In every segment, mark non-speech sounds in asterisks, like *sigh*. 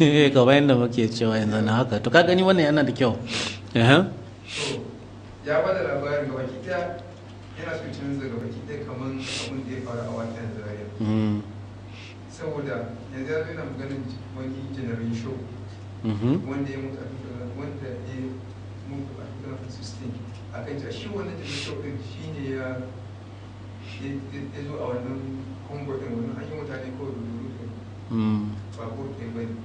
eh ka bayan da muke cewa yanzu na haka to ka gani wannan yana da kyau ya da labarin gaba kita yana so canza gaba kita kamar abin da ya faru a yanzu zariya mm-hmm. saboda yanzu ya yanzu yana maganin wani janarin show mm-hmm. wanda ya mutu a wanda ya mutu a sustain a kan cewa shi wannan janarin show din shi ne ya ya zo a wannan kongo wani wannan hanyar mutane ko da ba ko ɗaya ba ne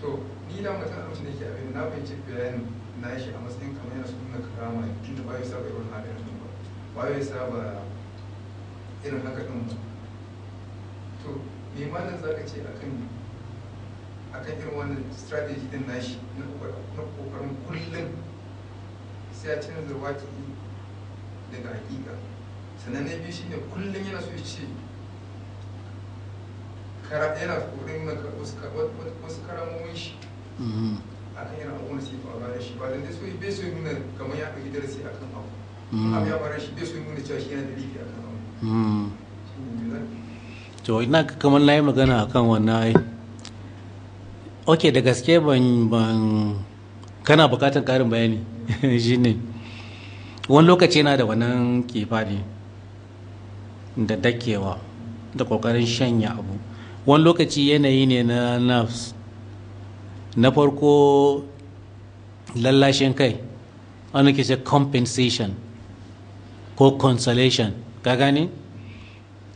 to ni da mutum a lokacin da yake abin na fahimci bayanin na shi a matsayin kamar yana suna karama tunda ba ya saba irin haka ɗin ba ba ya saba irin haka ɗin ba to me malam za ka ce akan akan irin wannan strategy din nashi na ƙoƙarin kullum sai ya canza waƙi daga haƙiƙa? sannan na biyu shine kullum yana so ya ce kara yana kokarin wasu karamomin shi akan yana abubuwan su yi faruwa da shi ba dan so bai so nuna kamar ya ɗauki darasi kan abu abu ya faru shi bai so nuna cewa shi yana da a kan abu to ina kamar na yi magana akan wannan ai ok da gaske ban ban kana bukatan karin bayani *laughs* shine wani lokaci yana da wannan kifa ne da dakewa da kokarin shanya abu wani lokaci yanayi ne na nerves na farko lallashin kai wani ke ce compensation ko consolation ka gane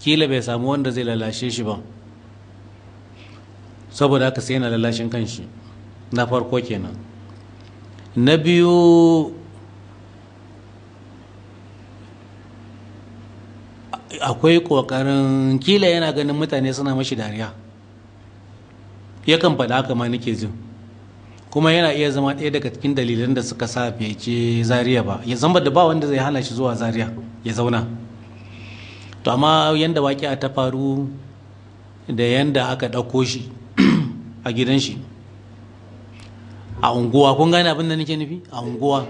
kila bai samu wanda zai lallashe shi ba saboda aka sai yana lallashin kanshi na farko kenan na biyu akwai kokarin kila yana ganin mutane suna mashi dariya yakan faɗa haka ma nake jin kuma yana iya zama ɗaya daga cikin dalilan da suka sa bai ce zaria ba ya zamba da ba wanda zai hana shi zuwa zariya ya zauna to amma yanda a ta faru da yanda aka ɗauko shi *clears throat* a gidan shi a unguwa kun gane abin da nake nufi a unguwa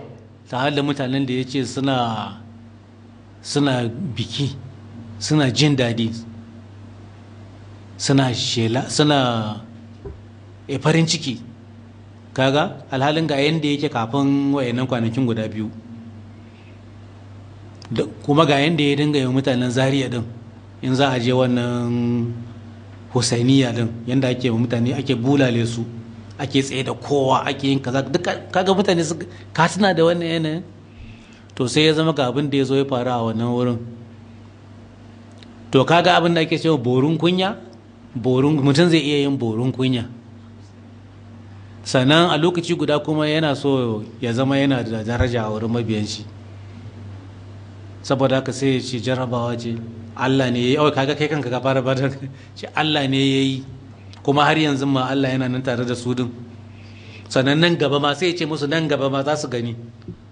ta da mutanen da ya ce suna biki suna jin daɗi suna shela suna eh, farin ciki kaga alhalin ga yadda yake kafin wayannan kwanakin guda biyu kuma ga yadda ya dinga yi mutanen zariya din in za a je wannan husainiya din yadda ake mutane ake bulale su ake tsaye da kowa ake yin kaza kaga mutane ka suna da wannan yanayin to sai ya zama ga abin da ya zo ya faru a wannan wurin to kaga abin da ake cewa borun kunya borun mutum zai iya yin borun kunya sannan a lokaci guda kuma yana so ya zama yana da daraja a wurin mabiyan shi saboda haka sai ce jarabawa ce Allah ne ya yi awai kaga kai kanka ka fara bada *laughs* ce Allah ne ya yi kuma har yanzu ma Allah yana nan tare da su din sannan nan gaba ma sai ya ce musu nan gaba ma za su gani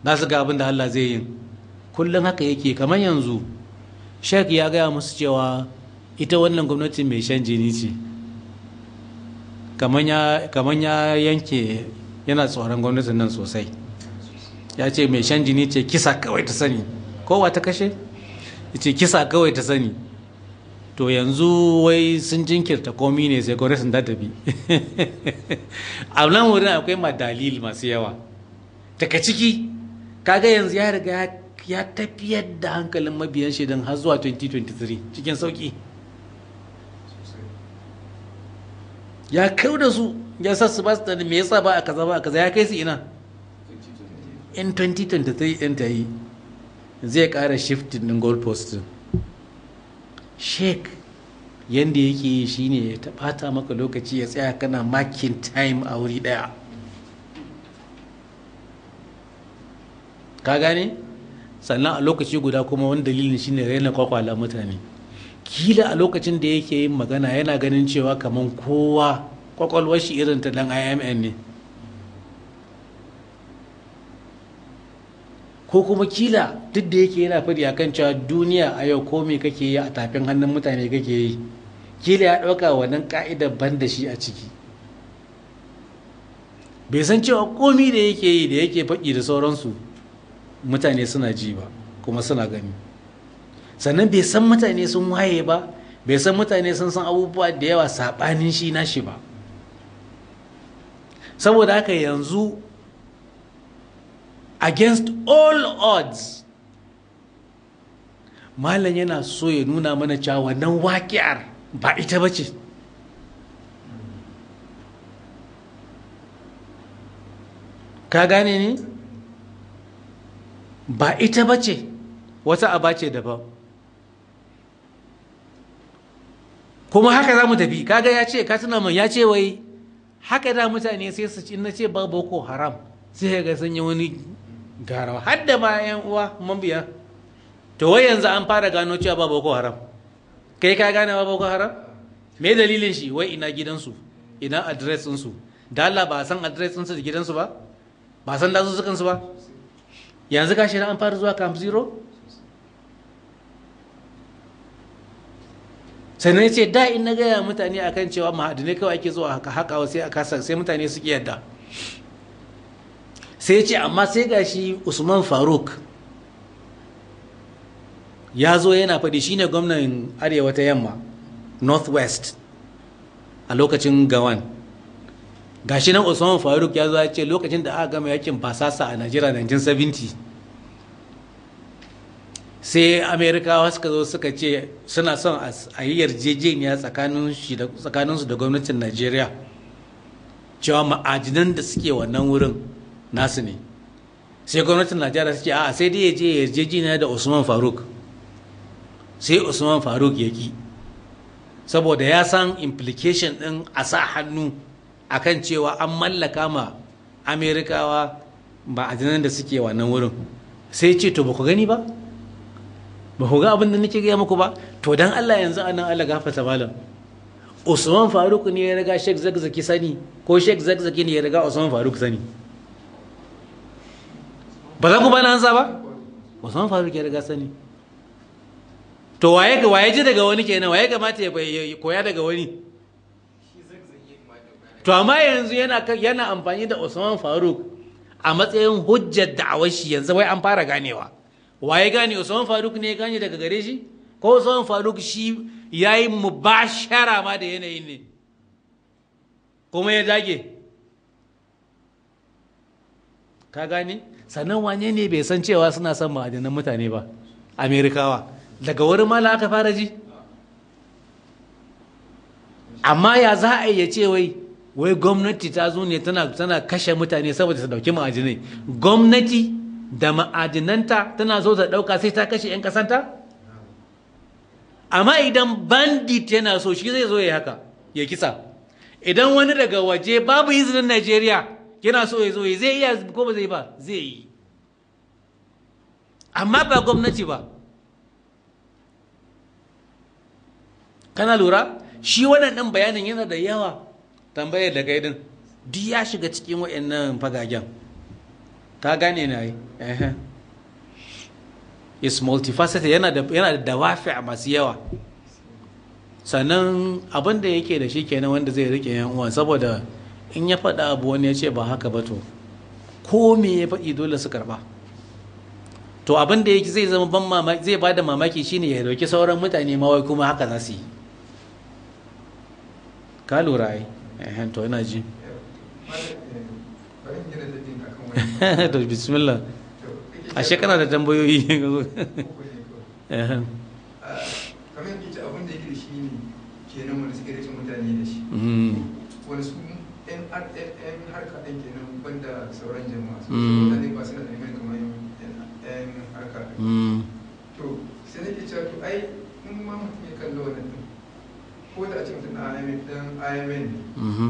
za su ga abin da Allah zai yi kullum haka yake kamar yanzu shek ya gaya musu cewa ita wannan gwamnati mai shan jini ce kamar ya yanke yana tsoron gwamnatin nan sosai ya ce mai shan jini ce kisa kawai ta sani kowa ta kashe ce kisa kawai ta sani to yanzu wai sun jinkirta komi ne sai gwamnatin ta tafi *laughs* a nan wurin akwai madalil masu yawa daga ciki kaga yanzu ya riga ya tafiyar da hankalin mabiyan shaidan har zuwa 2023 cikin sauki ya kai da su ya sa su ba su tani me yasa ba a kaza ba a kaza ya kai su ina in 2023 in ta yi zai ƙara shiftin din gold post sheik yadda yake yi shine ya taɓata maka lokaci ya tsaya kana makin time a wuri ɗaya ka gane? sannan a lokaci guda kuma wani dalilin shine raina kwakwala mutane kila a lokacin da yake yin magana yana ganin cewa kamar kowa kwakwalwar shi irin ta dan imn ne ko kuma kila duk da yake yana fadi kan cewa duniya a yau ko me kake yi a tafin hannun mutane kake yi kila ya ɗauka wannan ka'idar ban da shi a ciki bai san cewa komi da yake yi da yake faɗi da sauransu mutane suna ji ba kuma suna gani sannan bai san mutane sun waye ba bai san mutane sun san abubuwa da yawa saɓanin shi na shi ba saboda haka yanzu against all odds malam yana so ya nuna mana cewa wannan waƙiyar ba ita ba ce ka gane ni? ba ita ba ce wata aba ce daban kuma haka za mu tafi kaga ya ce katina mai ya ce wai haka da mutane sai su ci na ce ba boko haram sai ga sun yi wani garawa har da ma yan uwa mabiya to wai yanzu an fara gano cewa ba boko haram kai ka gane ba boko haram me dalilin shi wai ina gidansu ina adresinsu? da Allah ba san adresinsu da gidansu ba ba san dazuzukansu ba yanzu ka shi an fara zuwa camp zero sannan ya ce da in na gaya mutane akan cewa ma'adinai kawai ake zuwa haka haka sai a kasa sai mutane suke yadda sai ce amma sai ga shi usman faruk ya zo yana faɗi shi ne gwamnan arewa ta yamma northwest a lokacin gawan gashi nan Usman Faruk ya zo ya ce lokacin da aka gama yakin basasa a Najeriya 1970 sai Amerikawa suka zo suka ce suna son a yi yarjejeniya tsakaninsu da gwamnatin Najeriya cewa ma'ajinan da suke wannan wurin nasu ne sai gwamnatin Najeriya suke a sai dai ya je yarjejeniya da Usman Faruk sai Usman Faruk ya ki saboda ya san implication din a sa hannu akan cewa an mallaka ma amerikawa jinan da suke wannan wurin sai ce to ba ku gani ba ba ku ga abin da nake gaya muku ba to dan Allah yanzu a nan Allah gafata malam Usman Faruk ne ya riga Sheikh Zakzaki sani ko Sheikh Zakzaki ne ya riga Usman Faruk sani ba za ku ba bani hansa ba Usman Faruk ya riga sani to waye waye ji daga wani kenan waye kamata ya koya daga wani to amma yanzu yana amfani da Usman Faruk a matsayin hujjar da shi yanzu wai an fara ganewa Wa ya gane Usman Faruk ne ya gane daga gare shi ko Usman Faruk shi ya yayi mubashara ma da yanayin ne kuma ya dage ka gane sannan wane ne bai san cewa suna son ma'adanan mutane ba amerikawa daga wurin mala aka fara ji amma ya za a iya ce wai wai gwamnati ta zo ne tana kashe mutane saboda su dauki ma'adinai gwamnati da ma'adinanta tana zo ta dauka sai ta kashe yan kasanta amma idan bandit yana so shi zai zo ya haka ya kisa idan wani daga waje babu izinin Najeriya yana so ya zo ya zai iya ko ba zai ba zai yi amma ba gwamnati ba kana lura shi wannan bayanin yana da yawa tambayar da gaidin duk ya shiga cikin waɗannan fagagen ta gane na yi is multifaceted yana da yana da dawafi a masu yawa sannan abin da yake da shi kenan wanda zai rike yan uwan saboda in ya faɗa abu wani ya ce ba haka ba to ko me ya faɗi dole su karba to abin da yake zai zama ban mamaki zai bada mamaki shine ya dauki sauran mutane ma wai kuma haka za su yi ka lura ai ehen to ina ji *laughs* to bismillah a shekara da tambayoyi ehen kamar hmm. yadda hmm. abin da yake da shi ne wani suke mutane da shi wani su yan ɗin banda sauran jama'a su mutane ba da kamar yan to sai nake cewa to ai in ma mutum ya kalla wannan ko da a cikin dan IMN mhm.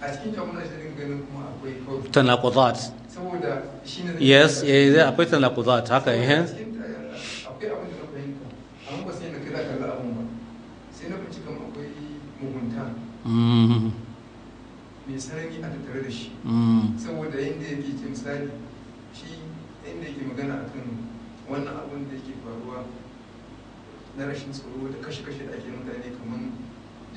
a cikin kamar shi din ganin kuma akwai kawai tanaquzat saboda shi shine yes eh zai akwai tanaquzat haka eh akwai abin da na fahimta amma ba sai na kira kalla abin ba sai na fice kamar akwai mugunta mhm. mai sarari a tattare da shi mhm. saboda yadda yake ke misali shi inda yake magana akan wannan abun da yake faruwa na rashin tsoro da kashe-kashe da ake mutane kamar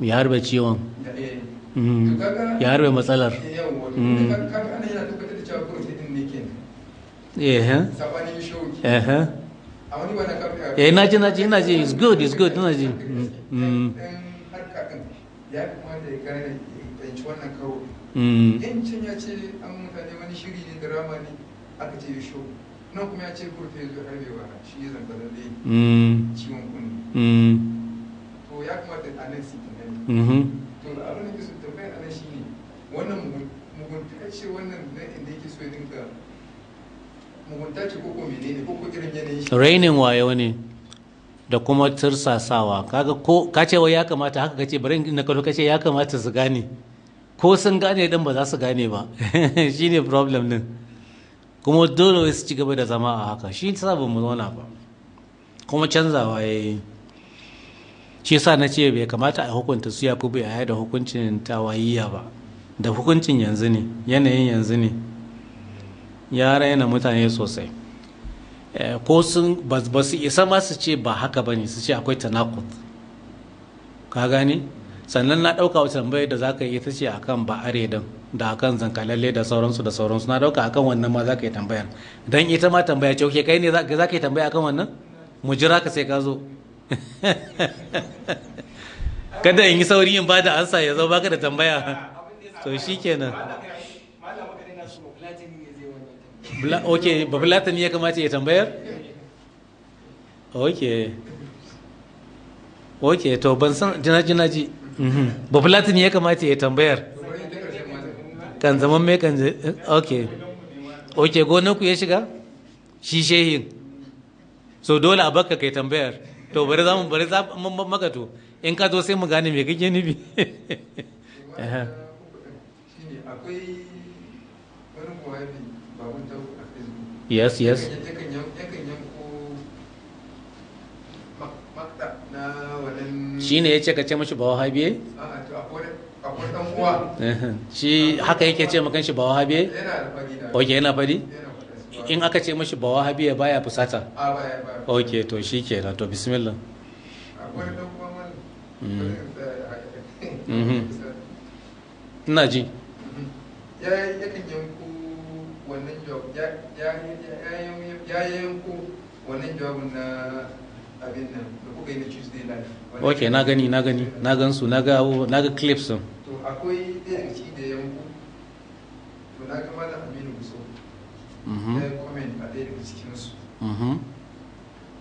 ya harbe ciwon mm. ya harbe matsalar mm. eh na ji na ji it's good it's good na ce a rainin wayo ne da kuma tursasawa kaga ko ka ce wai ya kamata haka kace bari in na kace ya kamata su gane ko sun gane din ba za su gane ba *laughs* shine problem din kuma dole su ci gaba da zama a haka shi ta ba mu zauna ba kuma canzawa yayi shi sa na ce bai kamata a hukunta su ya fi a da hukuncin tawayiya ba da hukuncin yanzu ne yanayin yanzu ne ya raina mutane sosai eh, ko sun ba su isa ma su ce ba haka ba ne su ce akwai tanakut ka gane sannan na ɗauka wata tambayar da za ka yi ta ce akan ba aredan da kan zankalalle da sauransu da sauransu na ɗauka kan wannan ma za ka yi tambayar don ita ma tambaya ce kai ne za ka yi tambaya kan wannan mu jira ka sai ka zo *laughs* kada in yi sauri in bada ansa ya zo baka da tambaya to kenan ok ba fulatani ya kamata ya tambayar ok ok to ban san jinaji naji mhm. ba fulatani ya kamata ya tambayar kan zaman mai kan ok ok gonan ku ya shiga shi shehin so dole a baka kai tambayar to bari za mu bari za mu maka to in ka zo sai mu gane me kake nufi akwai wani muhalli babun a yes yes yakan yanko makta ka ce mashi ba wahabiye a to akwai dan uwa shi haka yake ce makan shi ba wahabiye yana fadi okay yana fadi in aka ce mashi ba wahabiya baya fusata ok to shi kenan to bismillah mm-hmm. mm-hmm. *laughs* ina ji mm-hmm. ya yanku wannan ya yanku wannan jawabin na abin nan da kuka yi na tuesday live ok na gani na gani na gansu na ga na ga clips to akwai ɗaya da yanku to na kama da aminu so ya mhm. yi eh, comment daga cikinsu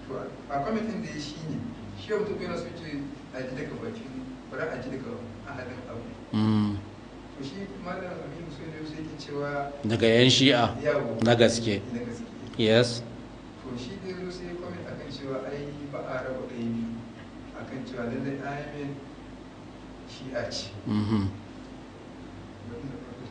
to a kwamitin da ya shi ne shi ya ce a ji daga bari a ji daga abu to shi sai ke cewa daga yan shi'a na gaske yes to shi da yanzu sai akan cewa ai ba a raba ɗaya akan cewa lallai ayamin shi'a mhm. ce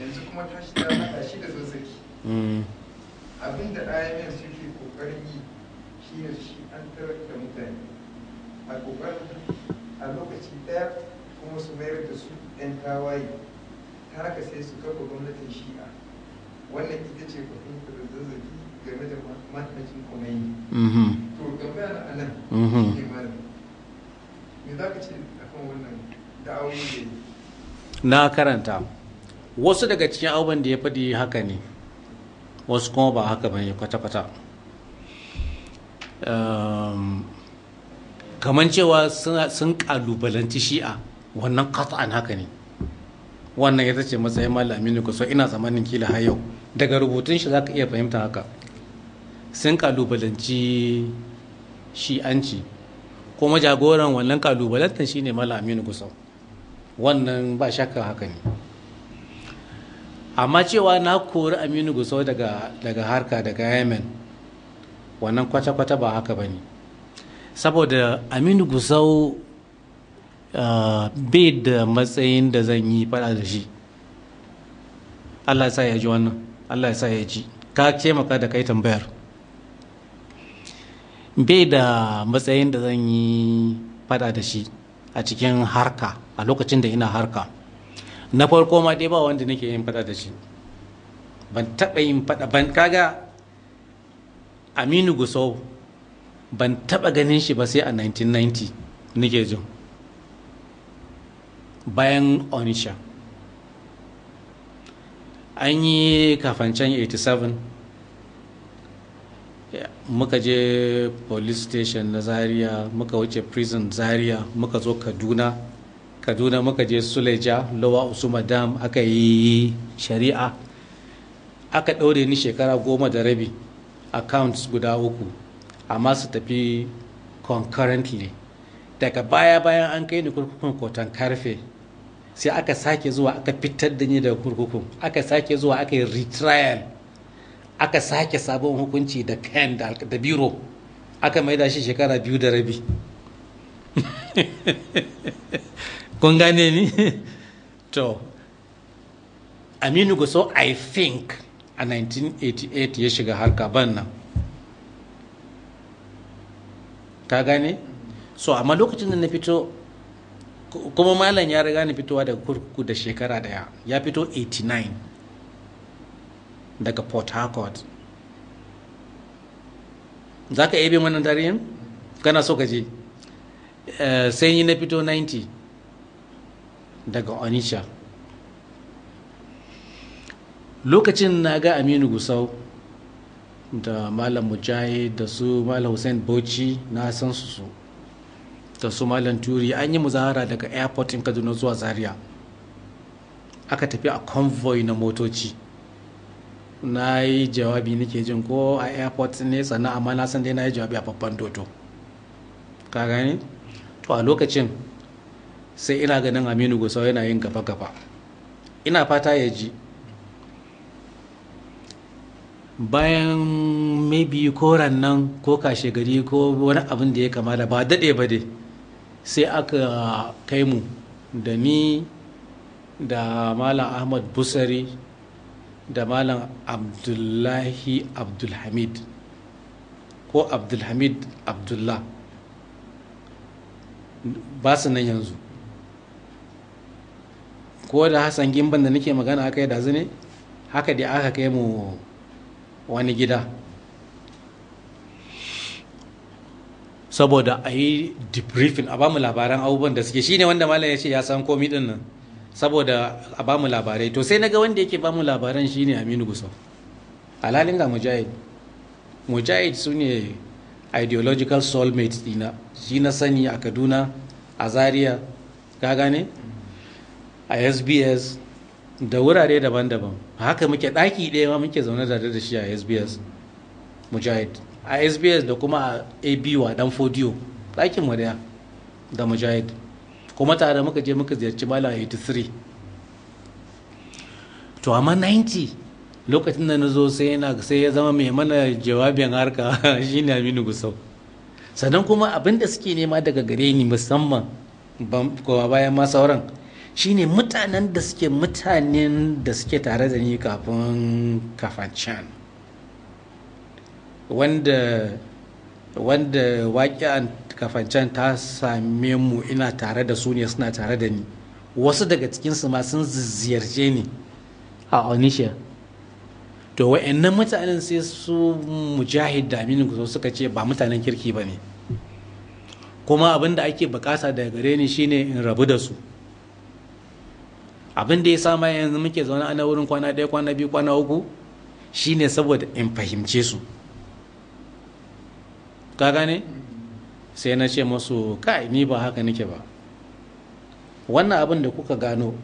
yanzu kuma ta shi ta hada shi da zazzaki mm. abin da imf suke kokarin yi shi ne shi an tarar da mutane a kokarin a lokaci daya kuma su mayar da su yan tawaye ta haka sai su kafa gwamnatin shi'a wannan ita ce da zazzaki game da manhajin kumayi mm-hmm. to tambaya na anan mm-hmm. shi ne malam me za ka ce akan wannan da'awoyi da na karanta wasu daga cikin abubuwan da ya faɗi haka ne wasu kuma ba haka bane kwata-kwata ehm, kamar cewa sun kalubalanci shi'a wannan kat'an haka ne wannan ya ce matsayin malamin ku kusa ina tsammanin kila har yau daga rubutun shi za ka iya fahimta haka sun kalubalanci shi'anci kuma jagoran wannan kalubalantar shine malamin ku kusa wannan ba shakka haka ne amma cewa na kori aminu gusau daga harka daga yemen wannan kwata-kwata ba haka ba ne saboda aminu gusau ah, bai da matsayin da zan yi fada da shi allah sa ya ji wannan allah sa ya ji ka ce maka da kai tambayar bai da matsayin da zan yi fada da shi a cikin harka a lokacin da ina harka na farko ma dai ba wanda nake yin fada da shi ban taɓa yin fada ban kaga aminu gusau ban taɓa ganin shi ba sai a 1990 nake jin bayan onisha an yi kafancen 87 muka je police station na zaria muka wuce prison zaria muka zo kaduna kaduna muka je suleja lowa usuma dam aka yi shari'a aka ɗaure ni shekara goma da rabi accounts guda uku amma su tafi concurrently daga baya bayan an kai ni kurkukun kotan karfe sai aka sake zuwa aka fitar da ni daga kurkukun aka sake zuwa aka yi retrial aka sake sabon hukunci da kan da biro aka maida shi shekara biyu da rabi *laughs* kun gane ni *laughs* to aminu guso i think a 1988 ya shiga harka ban nan ka gane so amma lokacin da na fito kuma malam ya riga ni fitowa daga kurkuku da shekara daya ya fito 89 daga port harcourt za ka bin wannan tarihin kana so ka je eh, sai yi na fito 90 daga onisha lokacin na ga aminu gusau da malam mujahid da su malam hussein bauchi na san su da su malam turi an yi muzahara daga airport in kaduna zuwa zaria aka tafi a convoy na motoci na yi jawabi nake jin ko a airport ne sannan amma na san dai na yi jawabi a babban doto ka gani to a lokacin sai ina ganin aminu gusau yana yin gaba-gaba ina fata ya ji bayan maybe koran nan ko kashe gari ko wani abin da ya kamata ba daɗe ba dai sai aka kai mu da ni da malam ahmad busari da malam abdullahi abdulhamid ko abdulhamid abdullah ba su nan yanzu ko da hassan gimban da nake magana aka yi dazu ne haka da aka kai mu wani gida saboda a yi debriefing a bamu labaran abubuwan da suke shine wanda malam ya ce ya san komi din nan saboda a bamu labarai to sai naga wanda yake bamu labaran shine aminu gusau alhalin ga mujahid mujahid su ne ideological soulmates dina shi na sani a kaduna a zaria ka ne. a sbs da wurare daban-daban haka muke ɗaki ɗaya ma muke zaune da da shi a sbs mujahid a sbs da kuma a AB wa dan fodiyo ɗakin wadaya da mujahid kuma tare muka je muka ziyarci malam 83 to amma 90 lokacin da na zo sai sai ya zama mai mana jawabin harka *laughs* shine aminu gusau sannan kuma abinda suke nema daga gare ni musamman kowa bayan ma sauran shine mutanen da suke mutanen da suke tare da ni kafin kafancan wanda wanda waƙi'an kafancan ta same mu ina tare da su ne suna tare da ni wasu daga cikinsu ma sun ziyarce ni a onisha to wa'annan mutanen sai su mujahid da aminu kusa suka ce ba mutanen kirki ba ne kuma abin da ake bukata daga gare ni shine in rabu da su abin da ya sama yanzu muke zaune ana wurin kwana ɗaya kwana biyu kwana uku shine saboda in fahimce su ka gane sai na ce masu kai ni ba haka nake ba wannan abin da kuka gano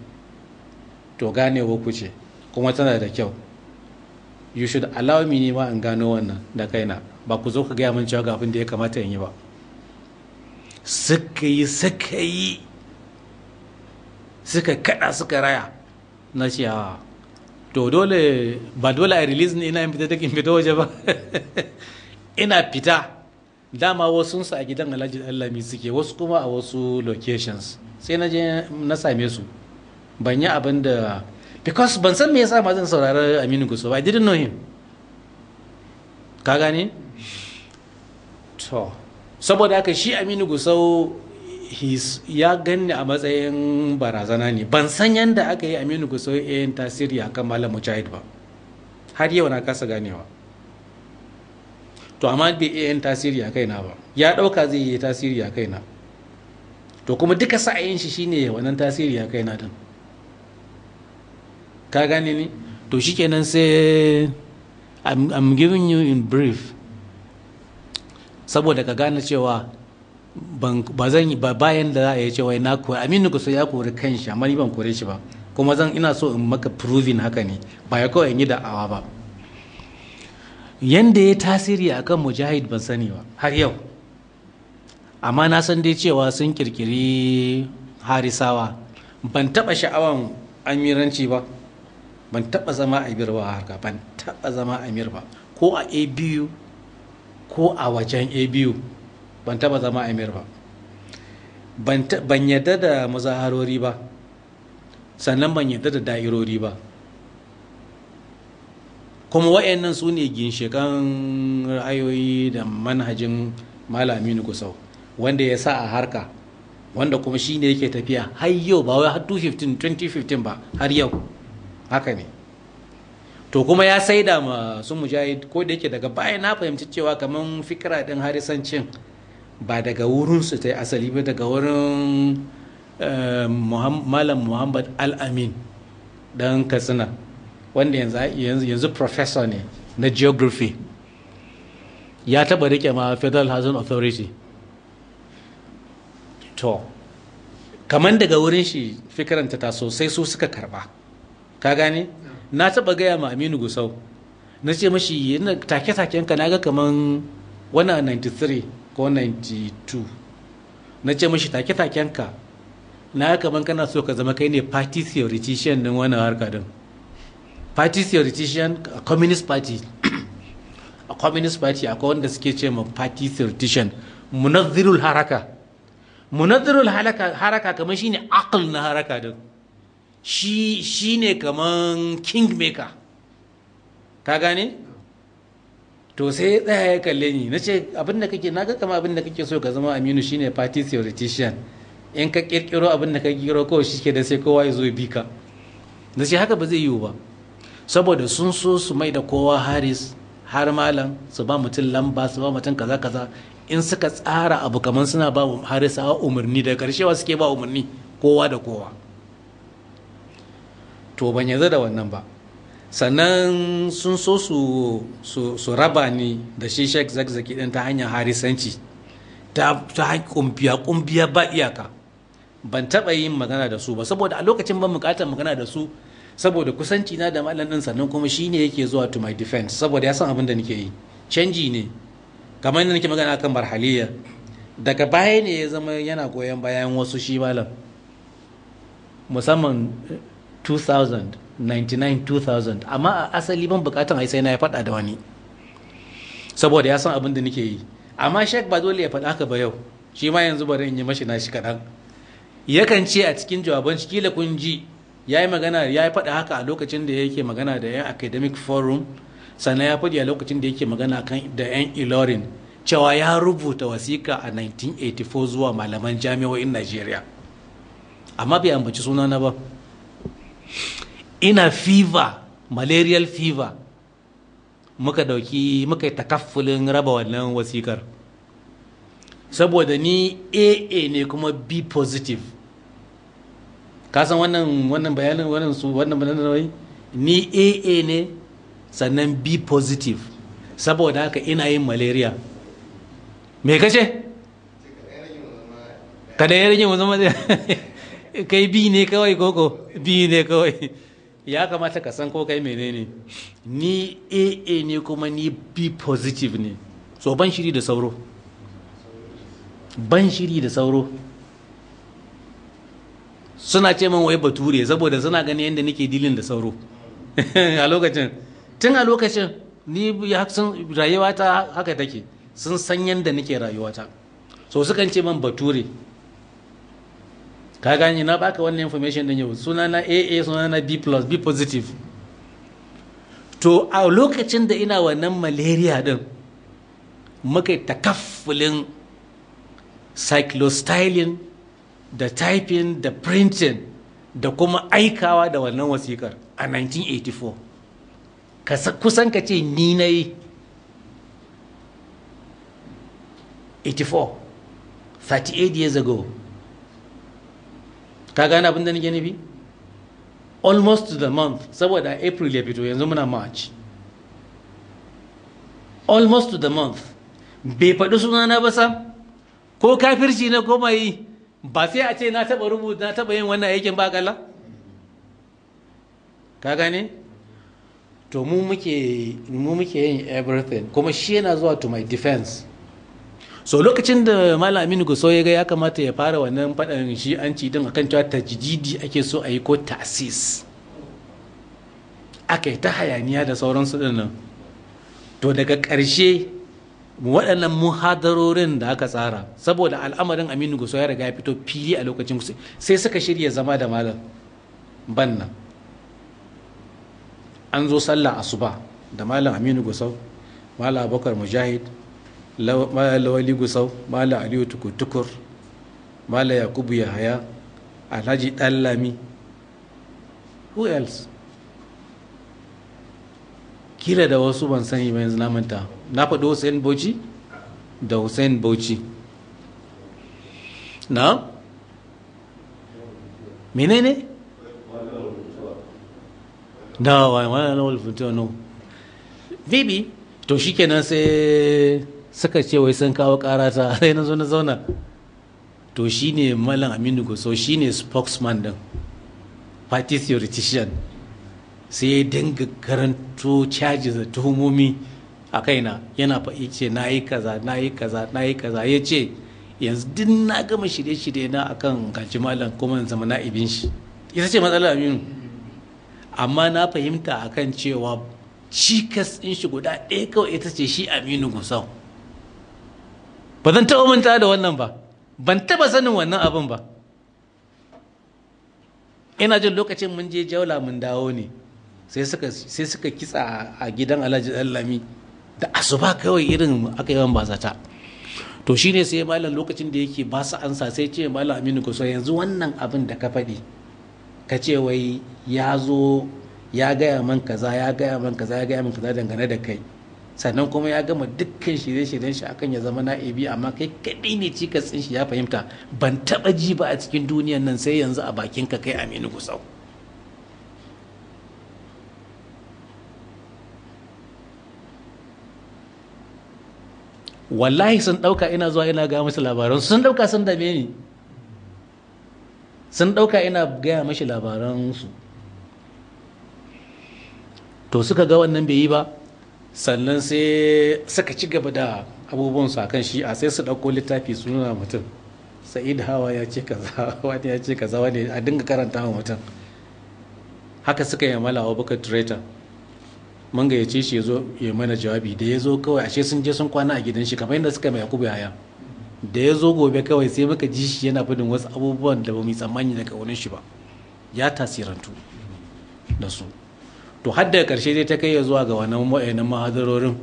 to ganewa ku ce kuma tana da kyau you should allow me ne ma in gano wannan da kaina ba ku zo ka gaya min cewa ga abin da ya kamata in yi ba suka yi suka kada suka raya na ce a ah, to dole ba dole a release ne ina yin fita take fita waje ba *laughs* ina fita dama wasu su a gidan alhaji allami suke wasu kuma a wasu locations sai na je na same su ban yi abin da because ban san me yasa ba zan saurari Aminu Guso ba I didn't know him ka gane to saboda haka shi Aminu Gusau ya ganni a matsayin barazana ne ban san yadda aka yi aminu gusau yin tasiri a kan malam mujahid ba har yau na kasa ganewa to amma bai iya yin tasiri a kaina ba ya ɗauka zai yi tasiri a kaina to kuma duka sa'ayin shi shine wannan tasiri a kaina din ka gane ni to shikenan sai I'm, I'm giving you in brief saboda ka gane cewa ba zan yi ba bayan da za a yi cewa na kori aminu kusa ya kori kan shi amma ni ban kore shi ba kuma zan ina so in maka proving haka ne ba ya kawai in yi da'awa ba yanda ya tasiri akan mujahid ban sani ba har yau amma na san dai cewa sun kirkiri harisawa ban taba sha'awan amiranci ba ban taba zama amir ba harka ban taba zama amir ba ko a abu ko a wajen abu ban taba zama emir ba ban yadda da mazaharori ba sannan ban yadda da da'irori ba kuma wa'annan su ne ginshikan ra'ayoyi da manhajin malami gusau wanda ya sa a harka wanda kuma shi ne yake tafiya har yau ba wai har 2015 ba har yau haka ne to kuma ya sai saida masu mujahid ko da yake daga baya na fahimci cewa kamar fikira din harisancin ba daga wurinsu ta yi asali ba daga wurin eh, malam muhammad al-amin dan katsina wanda yanzu professor ne na geography ya taba rike ma federal housing authority to kamar daga wurin shi fikiranta ta sosai su suka karba ka gane na taba gaya ma aminu gusau na ce mashi take-takenka na ga kamar wannan 93 ko 92 na ce mashi take-taken ka na kaman kana so ka zama kai ne party theoretician din wannan harka din party theoretician a communist party *clears throat* a communist party akwai wanda suke ce ma party theoretician munazzirul haraka munazzirul haraka kamar shine akal na haraka din shi ne kaman kingmaker ka gane to sai ya tsaya ya kalle ni na ce abin da kake na ga kama abin da kake so ka zama aminu shine party theoretician in ka kirkiro abin da ka kirkiro kawai shi ke da sai kowa ya zo bi ka na ce haka ba zai yiwu ba saboda sun so su mai da kowa haris har malam su ba mutum lamba su ba mutum kaza kaza in suka tsara abu kamar suna ba haris a umarni da karshe wa suke ba umarni kowa da kowa to ban yanzu da wannan ba sannan sun so su raba ni da shi sheik zakzaki din ta hanyar harisanci ta kumbiya kumbiya ba iyaka ban taɓa yin magana da su ba saboda a lokacin ban bukatar magana da su saboda kusanci na da malam din sannan kuma shine yake zuwa to my defense saboda ya san abin da nake yi canji ne kamar yadda nake magana kan barhaliya daga baya ne ya zama yana goyon bayan wasu shi malam musamman 2000 eh, 99-2000 amma a asali ban bukatan ai sai na ya faɗa da wani saboda ya san abin da nake yi amma shek ba dole ya faɗa haka ba yau shi ma yanzu bari in yi mashi na shi kadan yakan ce a cikin jawaban shi kila kun ji ya yi magana ya yi faɗa haka a lokacin da yake magana da yan academic forum sannan ya faɗi a lokacin da yake magana kan da yan ilorin cewa ya rubuta wasiƙa a 1984 zuwa malaman jami'o'in najeriya amma bai ambaci na ba ina fever malarial fever muka dauki muka yi takaffulin raba wannan wasikar saboda ni aa ne kuma b positive kasan wannan wannan bayanin wannan su wannan bayanin ni aa ne sannan b positive saboda haka ina yin malaria me kace kada ya rage mu zama *laughs* kai b ne kawai koko b ne kawai ya kamata ka san ko kai menene ni aa ne kuma ni b positive ne so ban shiri da sauro ban shiri da sauro suna ce man wai bature saboda suna gani yadda nake dilin da sauro *laughs* a lokacin tun a lokacin ni sun rayuwata haka take sun san yadda nake rayuwata so sukan ce man bature ka gani na baka wannan information din yau suna na aa suna na b plus b positive to a lokacin da ina wannan malaria din muka takaffulin cyclostylin da typing da printing da kuma aikawa da wannan wasikar a 1984 kusan ka ce ni na yi 84 38 years ago ka gane abin da nake nufi almost to the month saboda april ya fito yanzu muna march almost to the month bai faɗi sunana ba sa ko kafirci na ko mai ba sai a ce na taɓa rubuta na taɓa yin wannan aikin ba kala ka gane to mu muke mu muke yin everything kuma shi yana zuwa to my defense so lokacin da malam aminu guso ya ga ya kamata ya fara wannan faɗan shi an ci don akan cewa tajjidi ake so a yi ko tasis aka yi ta hayaniya da sauransu su nan to daga karshe waɗannan muhadarorin da aka tsara saboda al'amarin aminu guso ya riga ya fito fili a lokacin sai suka shirya zama da malam banna an zo sallah asuba da malam aminu gusau malam abubakar mujahid mala lawali gusau mala aliyu tukur mala yakubu yahaya alhaji dallami who else Kira da wasu ban sani ba yanzu namanta na faɗi hussein bauchi da hussein bauchi na menene na wa wani wani wani no maybe to kenan sai suka ce wai sun kawo karata *laughs* sai na zo na zauna to shine malam aminu goso shine spokesman din party theoretician sai ya dinga karanto charges da tuhumomi a kaina yana faɗi ce na yi kaza na yi kaza na yi kaza ya ce yanzu duk na gama shirye-shirye na akan gaji malam kuma in zama na'ibin shi ita ce matsalar aminu amma na fahimta akan cewa cikas in shi guda ɗaya kawai ita ce shi aminu gusau ba zan taɓa manta da wannan ba ban taɓa sanin wannan abin ba ina jin lokacin mun je jaula mun dawo ne sai suka kitsa a gidan alhaji allami da asuba kawai irin aka yawan bazata to shine sai malam lokacin da yake ba su ansa sai ce malam aminu ku so yanzu wannan abin da ka faɗi ka ce wai ya zo ya gaya man kaza ya gaya man kaza ya gaya man kaza dangane da kai sannan kuma ya gama dukkan shirye-shiryen shi akan ya zama na'ibi amma kai kadai ne cikas shi ya fahimta ban taba ji ba a cikin duniyan nan sai yanzu a bakin ka kai aminu gusau wallahi sun ɗauka ina zuwa ina ga musu labaran sun ɗauka sun dame ni sun ɗauka ina gaya mashi labaransu to suka ga wannan bai yi ba sannan sai suka ci gaba da abubuwansu a kan a sai su ɗauko littafi su nuna mutum sa'id hawa ya ce kaza *laughs* wani ya ce kaza wani a dinga karanta wa mutum haka suka yi mala wa baka traitor mun gayyace shi ya zo ya mana jawabi da ya zo kawai ashe sun je sun kwana a gidan shi kamar yadda suka mai yakubu yaya da ya zo gobe kawai sai muka ji shi yana fadin wasu abubuwan da ba mu tsammani daga wurin shi ba ya tasirantu da su to har da karshe dai ta kai ya zuwa ga wannan wa'annan mahadarorin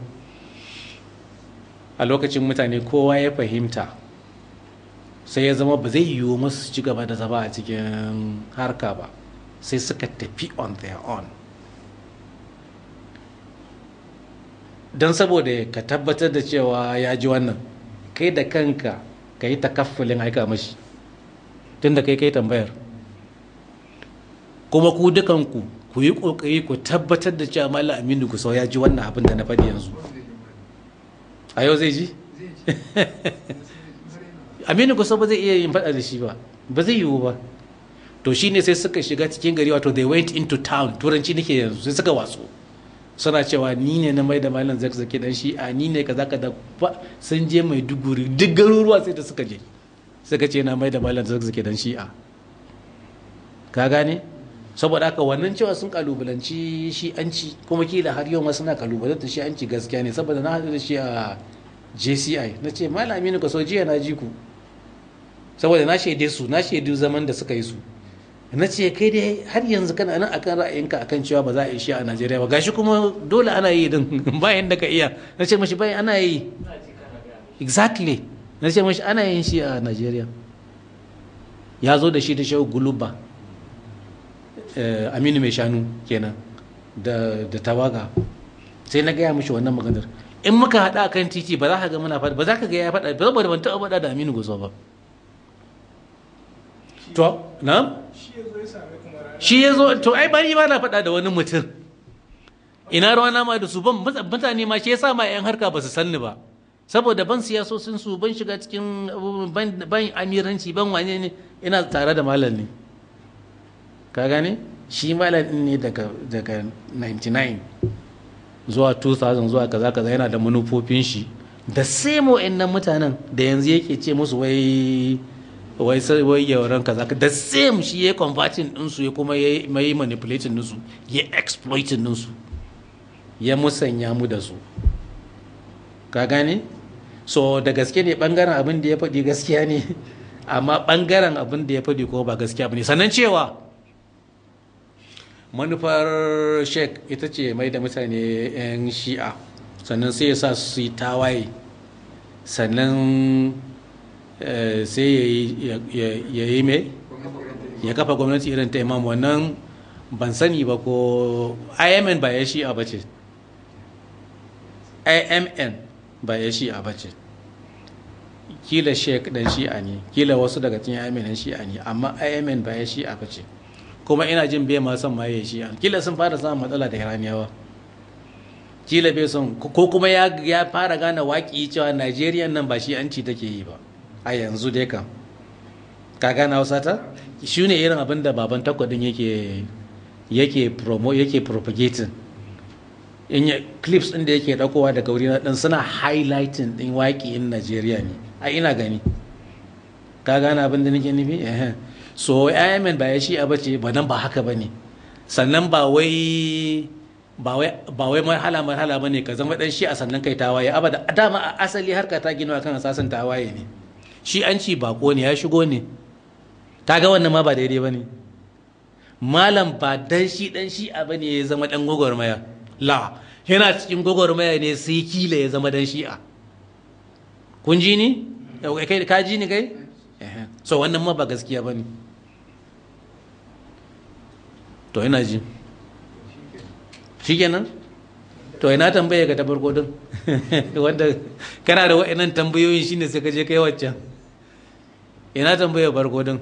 a lokacin mutane kowa ya fahimta sai ya zama ba zai yiwu masu ci gaba da zaba a cikin harka ba sai suka tafi on their own don saboda ka tabbatar da cewa ya ji wannan kai da kanka ka yi takaffulin aika mashi tun da kai kai tambayar kuma ku dukanku ku yi kokari ku tabbatar da cewa mallam aminu ku sau ya ji wannan abin da na faɗi yanzu a yau zai ji *laughs* aminu ku ba zai iya yin faɗa da shi ba ba zai yiwu ba to shine sai suka shiga cikin gari wato they went into town turanci nake yanzu sai suka watsu suna cewa ni ne na mai da malam zakzaki dan shi a ni ne kaza kaza sun je mai duguri duk garuruwa sai da suka je suka ce na mai da malam zakzaki dan shi a ka gane saboda haka wannan cewa sun kalubalanci shi anci kuma kila har yau ma suna kalubalanta shi anci gaskiya ne saboda na haɗu da shi a JCI na ce malami ne ka so jiya na ji ku saboda na shaide su na shaidu zaman da suka yi su na ce kai dai har yanzu kana nan akan ra'ayinka akan cewa ba za a yi shi a Najeriya ba gashi kuma dole ana yi din *laughs* bayan da ka iya na ce mashi bayan ana yi exactly na ce mashi ana yin shi a Najeriya ya zo da shi ta shehu guluba Eh, aminu mai shanu kenan da tawaga sai na gaya mishi wannan maganar in muka haɗa kan titi ba za ka ga muna faɗa ba za ka ga ya faɗa ba saboda ban taɓa faɗa da aminu gozo ba to na shi ya zo to ai bari ba na faɗa da wani mutum ina rawa na ma da su ban mutane ma shi ya sa ma 'yan harka ba su sanni ba saboda ban siyasosin su ban shiga cikin ban amiranci ban wane ne ina tare da malam ne ka gane shi malam din ne daga 99 zuwa 2000 zuwa kaza kaza yana da manufofin shi da sai nan mutanen da yanzu yake ce musu wai wai wai kaza da same shi ya converting din su ya kuma ya yi manipulating din su ya exploiting din su ya musanya mu da su ka gane so da gaske ne bangaren abin da ya faɗi gaskiya ne *laughs* amma bangaren abin da ya faɗi ko ba gaskiya ba ne sannan cewa manufar sheik ita ce mai da mutane 'yan shi'a sannan sai ya sa su yi tawaye sannan eh, sai ya yi mai ya kafa gwamnati irin ta imam wannan ban sani ba ko imn ba ya shi'a ba ce imn ba ya shi'a ba ce kila sheik dan shi'a ne kila wasu daga cikin imn dan shi'a ne amma imn ba ya shi'a ba ce kuma ina jin bai ma son maye shi kila sun fara samun matsala da iraniyawa kila bai son ko kuma ya fara gane waƙi cewa najeriya nan ba shi yanci take yi ba a yanzu dai kan ka gane hausa ta shi ne irin abin da baban takwadin yake yake promo yake propagating in clips ɗin da yake ɗaukowa daga wuri ɗin suna highlighting ɗin waƙi in najeriya ne a ina gani ka gane abin da nake nufi so IMN ba ya shi'a a ce ba nan ba haka ba ne sannan ba wai ba wai marhala marhala ba ne ka zama dan shi'a sannan kai tawaye abada dama a asali harka ta gina akan asasin tawaye ne shi an ci bako ne ya shigo ne ta ga wannan ma ba daidai ba ne malam ba dan shi dan shi'a ba ne ya zama dan gwagwarmaya la yana cikin gwagwarmaya ne sai kila ya zama dan shi'a kun ji ni ka ji ni kai so wannan ma ba gaskiya ba ne to ina ji shi shikenan to ina tambaye ka tabar farko *laughs* wanda kana da wa'inan tambayoyin shine sai ka je kai waccan ina tambaye bar din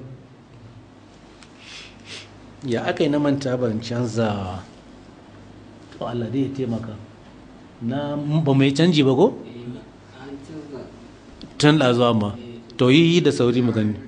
ya aka yi na manta ban canza to Allah dai ya taimaka na ba mai canji ba ko eh, tun da zuwa ma eh. to yi da sauri mu gani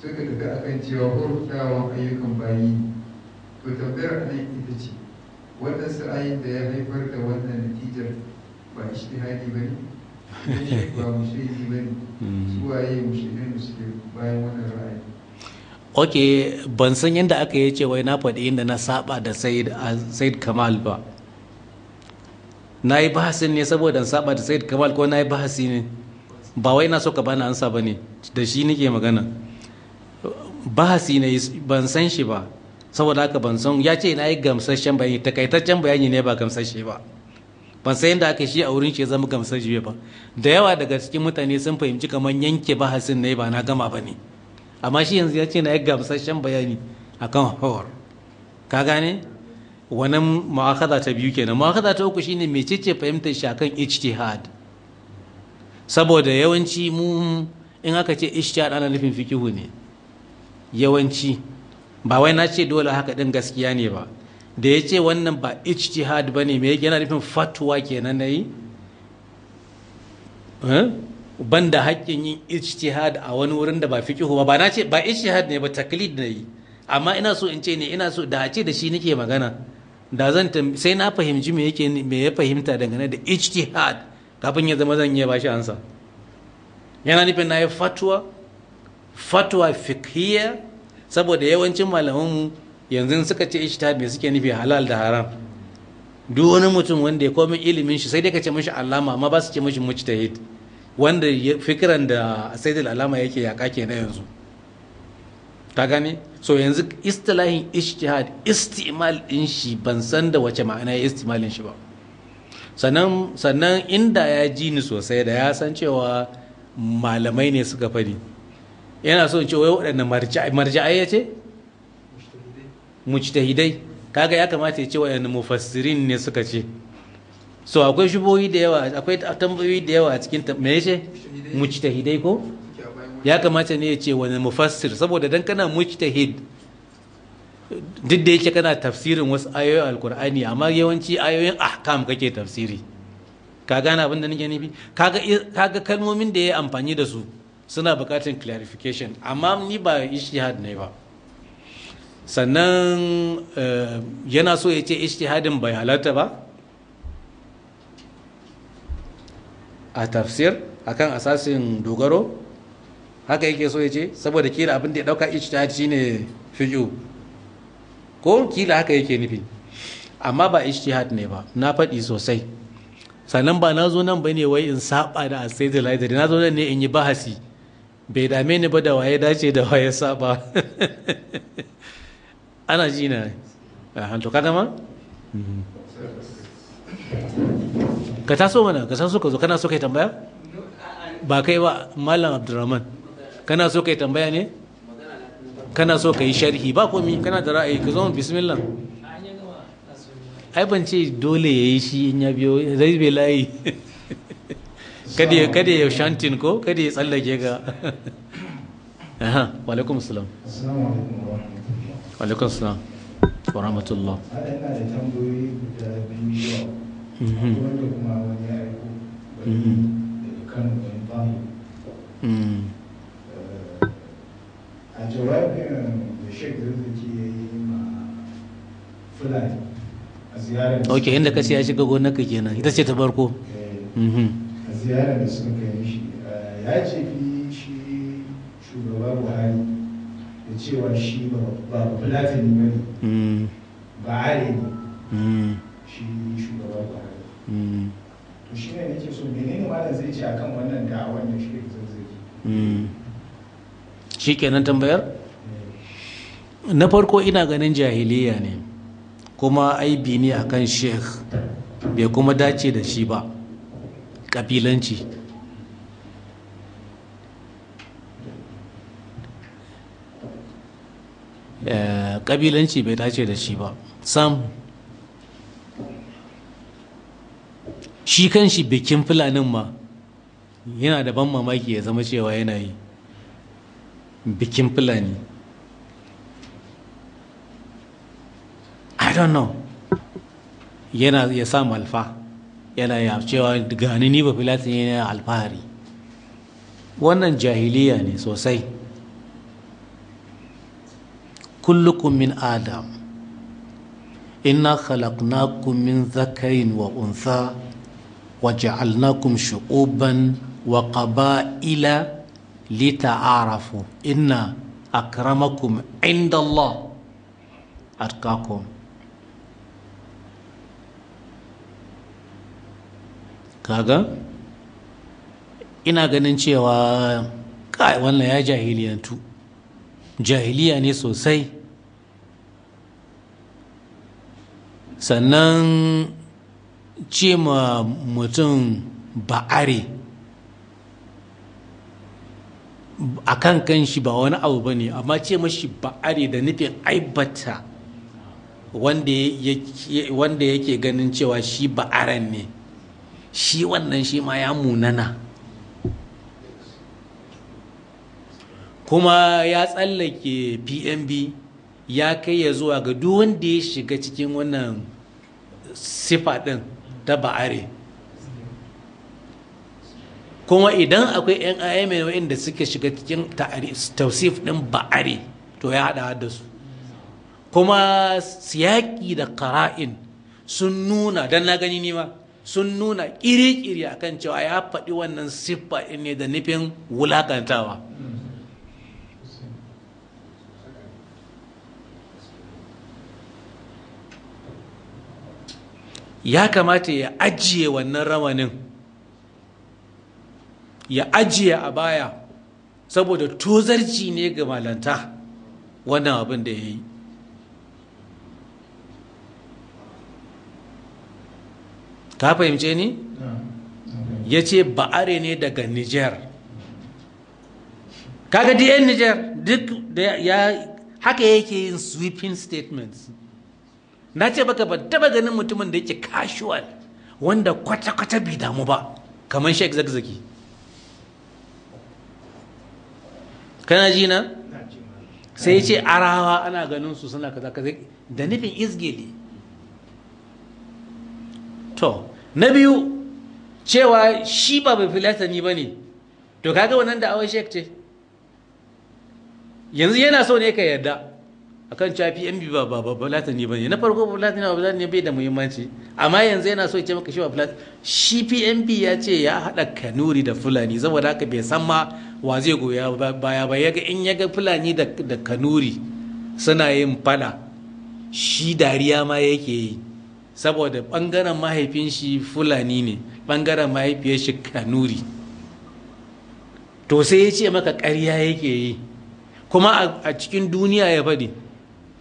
suka tafi akan cewa hurtawan ayyukan bayi to tambayar nan ita ce wannan sa'ayin da ya haifar da wannan natijar ba ishtihadi ba ne *laughs* ba mushaidi ba ne mm. su suwaye mushaidan da suke bayan wannan ra'ayi ok ban san yadda aka yi cewa na faɗi inda na saba da said kamal ba na yi bahasin ne saboda saba da said kamal ko na yi bahasi ne ba wai na so ka bani ansa ba ne da shi nake magana bahasi ne ban san shi ba saboda haka ban san ya ce na yi gamsashen bayani takaitaccen bayani ne ba gamsashe ba ban san yadda aka shi a wurin shi zama gamsashe ba da yawa daga cikin mutane sun fahimci kamar yanke bahasin ne ba na gama ba ne amma shi yanzu ya ce na yi gamsashen bayani akan hawar ka gane wannan ma'akaza ta biyu kenan ma'akaza ta uku shine mai ce fahimtar shi akan ijtihad saboda yawanci mu in aka ce ijtihad ana nufin fikihu ne yawanci ba wai na ce dole haka ɗin gaskiya ne ba da ya ce wannan ba ijtihad ba ne mai yana nufin fatuwa kenan na yi eh? banda haƙƙin yin ijtihad a wani wurin da ba fi ba ba na ce ba ijtihad ne ba taklid na yi amma ina so in ce ne ina so da a ce da shi nake magana da zan sai na fahimci me yake me ya fahimta dangane da ijtihad kafin ya zama zan ba bashi ansa yana nufin na yi fatuwa fatwa fikhiyya saboda yawancin malamanmu yanzu suka ce ishita mai suke nufi halal da haram duk wani mutum wanda ya komi ilimin shi sai dai ka ce mishi alama amma ba su ce mishi mujtahid wanda fikiran da sayyidul alama yake yaka ke na yanzu ta gane so yanzu istilahin ishtihad istimal din shi ban san da wace ma'ana ya istimalin shi ba sannan inda ya ji ni sosai da ya san cewa malamai ne suka fadi yana son ce wai waɗanda marja'ai ya ce mujtahidai kaga ya kamata ya ce waɗanda mufassirin ne suka ce so akwai shubohi da yawa akwai tambayoyi da yawa a cikin me ya ce mujtahidai ko ya kamata ne ya ce wani mufassir saboda dan kana mujtahid duk da yake kana tafsirin wasu ayoyin alkur'ani amma yawanci ayoyin ahkam kake tafsiri ka gane abin da nake nufi kaga kalmomin da ya yi amfani da su suna bukatar clarification amma ni ba ishtihad ne ba sannan eh, yana so ya ce ishtihadin bai halatta ba a tafsir akan asasin dogaro haka yake so ya ce saboda kila abin da ya dauka ijtihad shine fiyu ko kila haka yake nufi amma ba ijtihad ne ba na faɗi sosai sannan ba na zo nan ba ne wai in saba da sai da na zo nan ne in yi bahasi bai dame ni ba da waye dace da waye saba *laughs* ana ji na hantu ah, kaga ma mm-hmm. ka taso mana ka taso ka zo kana so kai tambaya ba kai ba malam abdurrahman kana so kai tambaya ne kana so ka yi sharhi ba komi kana da ra'ayi ka zo bismillah ai ban ce dole ya yi shi in ya biyo zai bai layi *laughs* kada ya kada ya shantin ko kada ya tsallake ga *laughs* wa alaikum salam wa alaikum wa mhm. mhm. mhm. eh, a jawabin yi Ok, inda ka ya shiga gonar ka kenan ita ce ta barko. Eh. ziyarar da sun kai shi eh, ya ce fi shi shugaba buhari da cewa shi ba fulatani ba ne mm. ba are ne mm. shi shugaba buhari mm. to shi ne yake so menene malam zai ce akan wannan da da shi ne zai shi kenan tambayar eh. na farko ina ganin jahiliya ne kuma aibi ne kan sheikh bai kuma dace da shi ba kabilanci eh, kabilanci bai dace da shi ba sam shi kan shi bikin fulanin ma yana da ban mamaki ya zama cewa yana yi bikin fulani i don't know yana ya sa malfa yana ya cewa gani ni ba filatin yana alfahari wannan jahiliya ne sosai kullukum min adam inna khalaqnakum min zakarin wa untha wa ja'alnakum shu'uban wa qaba'ila lita'arafu inna akramakum inda Allah atqakum kaga ina ganin cewa kai wannan ya jahiliyantu jahiliya ne sosai sannan ce ma mutum ba'are a kan kan shi ba wani abu ba ne amma ce mashi ba'are da nufin aibata wanda yake ganin cewa shi ba'aren ne shi wannan shi ma ya munana kuma ya tsallake pmb ya kai ya zuwa ga duk wanda ya shiga cikin wannan sifa ɗin ta ba'are kuma idan akwai 'yan ayyami da suka shiga cikin tausif ɗin ba'are to ya haɗa da su kuma siyaki da kara'in sun nuna don na gani nima sun nuna kiri-kiri kan cewa ya faɗi wannan siffa ne da nufin wulakantawa ya kamata ya ajiye wannan rawanin ya ajiye a baya saboda tozarci ne ga malanta wannan abin da ya yi ka fahimce ni ya ce ba'are ne daga niger kaga da yan niger duk da ya haka yake yin sweeping statements na ce baka ba taba ganin mutumin da yake casual wanda kwata-kwata bai damu ba kamar sheik zagzagi kana ji na sai ce arawa ana ganin su suna kaza kaza da nufin izgeli to na biyu cewa shi ba bai filatani ba ne to kaga wannan da awai shek ce yanzu yana so ne ka yarda kan cafi yan biyu ba ba filatani ba ne na farko ba filatani ba filatani bai da muhimmanci amma yanzu yana so ce maka shi ba filata shi pmp ya ce ya haɗa kanuri da fulani saboda haka bai san ma wa zai goya baya ba yaga in yaga fulani da kanuri suna yin fada shi dariya ma yake yi saboda ɓangaren mahaifin shi fulani ne ɓangaren mahaifiyar shi kanuri to sai ya ce maka ƙarya yake yi kuma a cikin duniya ya faɗi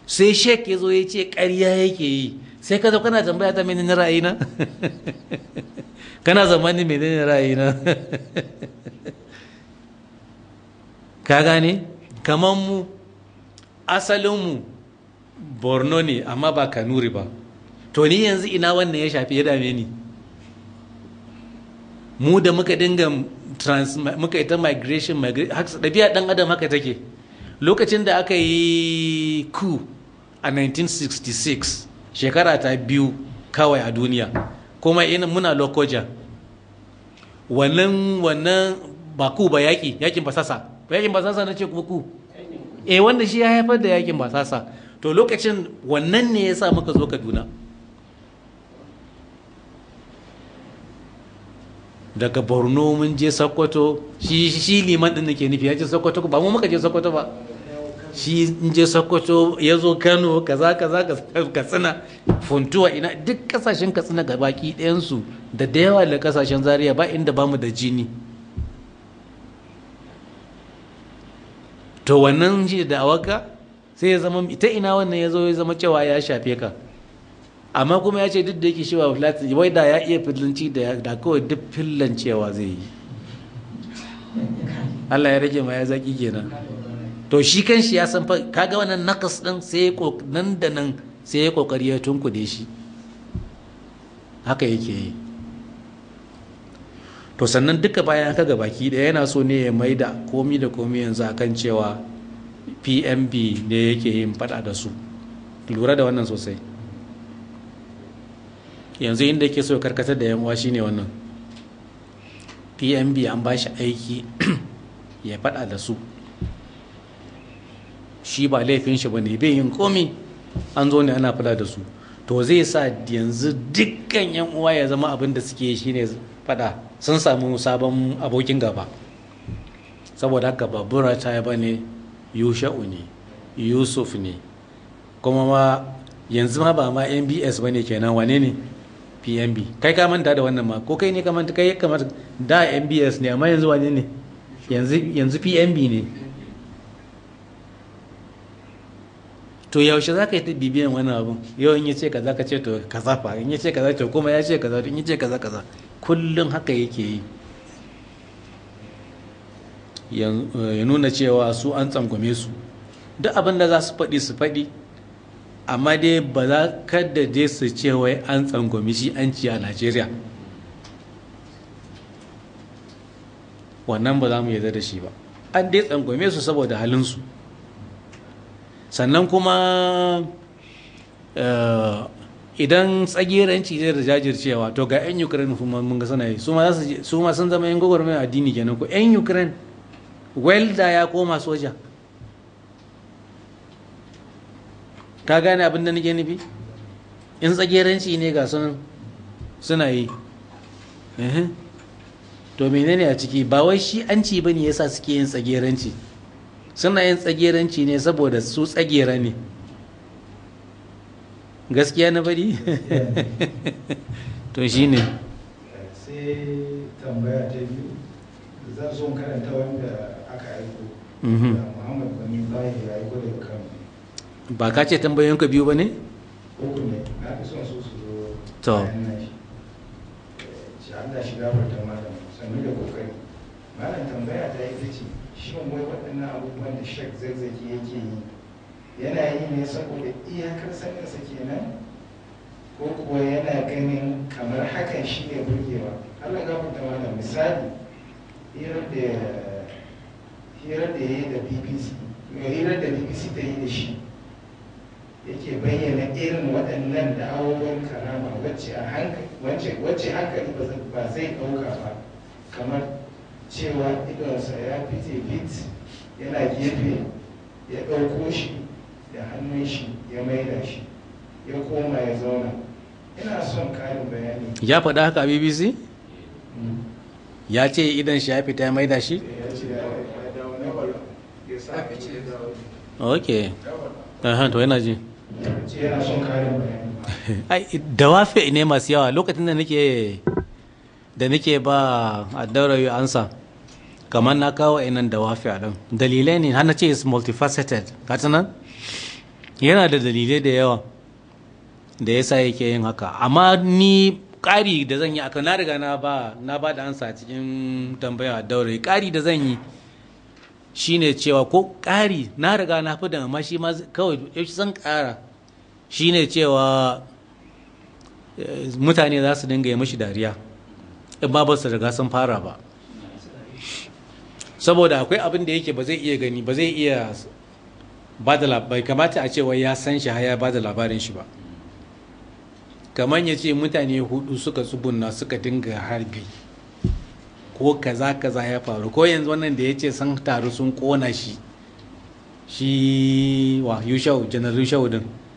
sai shek ya zo ya ce ƙarya yake yi sai ka zo kana tambaya ta menene ra'ayina *laughs* kana zamanin menene ra'ayina *laughs* ka gane kamar mu asalinmu borno ne amma ba kanuri ba to ni yanzu ina wannan ya shafi ya dame ni mu da muka dinga trans muka ita migration ɗabi'a ɗan adam haka take lokacin da aka yi ku a 1966 shekara ta biyu kawai a duniya kuma ina muna lokoja wannan wannan ba ku ba yaƙi yaƙin basasa yaƙin basasa na ce kuma ku eh wanda shi ya haifar da yaƙin basasa to lokacin wannan ne ya sa muka zo kaduna daga borno mun je sokoto shi shi liman din nake nufi ya je sokoto ba mu muka je sokoto ba shi in je sokoto ya zo kano kaza kaza katsina funtuwa ina duk kasashen katsina ga baki ɗayansu da da yawa da kasashen zaria ba inda bamu da jini to wannan shi da awaka sai ya zama ita ina wannan ya zo ya zama cewa ya shafe ka amma kuma ya ce duk da yake shi filatin wai da ya iya fillanci da kawai duk fillancewa zai yi Allah ya rage ma ya zaki kenan to shi kan shi ya san fa kaga wannan nakas din sai nan da nan sai ya kokari ya tunkude shi haka yake yi to sannan duka bayan haka ga baki daya yana so ne ya maida komi da komi yanzu akan cewa pmb ne yake yin fada da su lura da wannan sosai yanzu inda yake so karkatar da yan shi ne wannan pmb an ba shi aiki *clears throat* ya faɗa da su shi ba laifin shi ba ne bai yin komi an zo ne ana faɗa da su to zai sa yanzu dukkan yan uwa ya zama abin da suke shi ne faɗa sun samu sabon abokin gaba saboda haka babura ta ba ne yusha'u ne yusuf ne kuma ma yanzu ma ba ma nbs ba ne kenan wane ne PNB kai ka manta da wannan ma ko kai ne ka manta kai kamar da MBS ne amma yanzu wani ne yanzu PNB ne to yaushe za ka yi ta bibiyan wani abun yau in ya ce kaza ka ce to kaza fa in ya ce kaza to kuma ya ce kaza in ya ce kaza kaza kullum haka yake yi ya nuna cewa su an tsangwame su duk abin da za su faɗi su faɗi amma dai ba za kada dai su ce wai an tsangwami shi an ci a najeriya wannan ba za mu yarda da shi ba an dai tsangwame su saboda halinsu sannan kuma eh, idan tsagiranci ne da jajircewa to ga 'yan ukraine kuma mun ga suna su ma sun zama 'yan gwagwarmayar addini kenan ko 'yan ukraine welda ya koma soja ka gane abin da nake nufi in tsageranci ne ga sun suna yi to menene a ciki ba wai shi an ci bane yasa suke yin tsageranci suna yin tsageranci ne saboda su tsagera ne gaskiya na bari *laughs* to shi ne sai tambaya ta biyu za su karanta wanda aka aiko mm-hmm. muhammad bani bayi ya aiko daga kano ba ka ce tambayoyinka biyu ba ne? uku na fi son su su zo bayan na shi eh, shi Allah shi malam sannu da kokari malam tambaya ta yi ce shin wai waɗannan abubuwan da shek zazzaki yake yi yana yi ne saboda iyakar saninsa kenan ko kuwa yana ganin kamar hakan shi ne burgewa Allah gafarta mana misali hirar da ya yi da bbc hirar da bbc ta yi da shi yake bayyana irin waɗannan da da'awowin karama wacce a hankali wacce hankali ba zai ɗauka ba kamar cewa idonsa ya fite fit yana gefe ya ɗauko shi da hannun shi ya maida shi ya koma ya zauna ina son karin bayani ya faɗa haka a bbc mm. ya ce idan shi ya fita ya maida shi eh, ya ya ya ya ce ce dawo dawo na ok to yana ji *laughs* da dawafi ne masu yawa lokacin da nake da nake ba a daurayi ansa kamar na kawo inan dawafi a nan dalilai ne hana ce is multifaceted nan yana da dalilai da yawa da yasa yake yin haka amma ni ƙari da zan yi aka na riga na ba na ba da ansa cikin tambaya daurayi ƙari da zan yi shine cewa ko ƙari na riga na fi da amma shi ma kawai yaushe zan kara. shine cewa eh, mutane za su dinga yi mashi dariya in ba su riga sun fara ba saboda akwai abin da yake ba zai iya gani ba zai iya ba da bai kamata a cewa ya san shi ya ba da labarin shi ba kamar ya ce mutane hudu suka tsubunna suka dinga harbi ko kaza kaza ya faru ko yanzu wannan da ya ce sun taru sun kona shi shi wa yushau janar yushau din